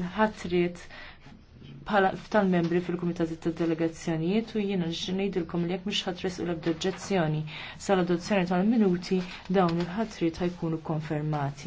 l-ħatrit bħala tal-membri fil-Kumitat tad Delegazzjonijiet u jiena ngħidilkom li jekk mhux ħatres u l-abdoġġezzjoni sal-adozzjoni tal-minuti dawn il-ħatrit ħajkunu konfermati.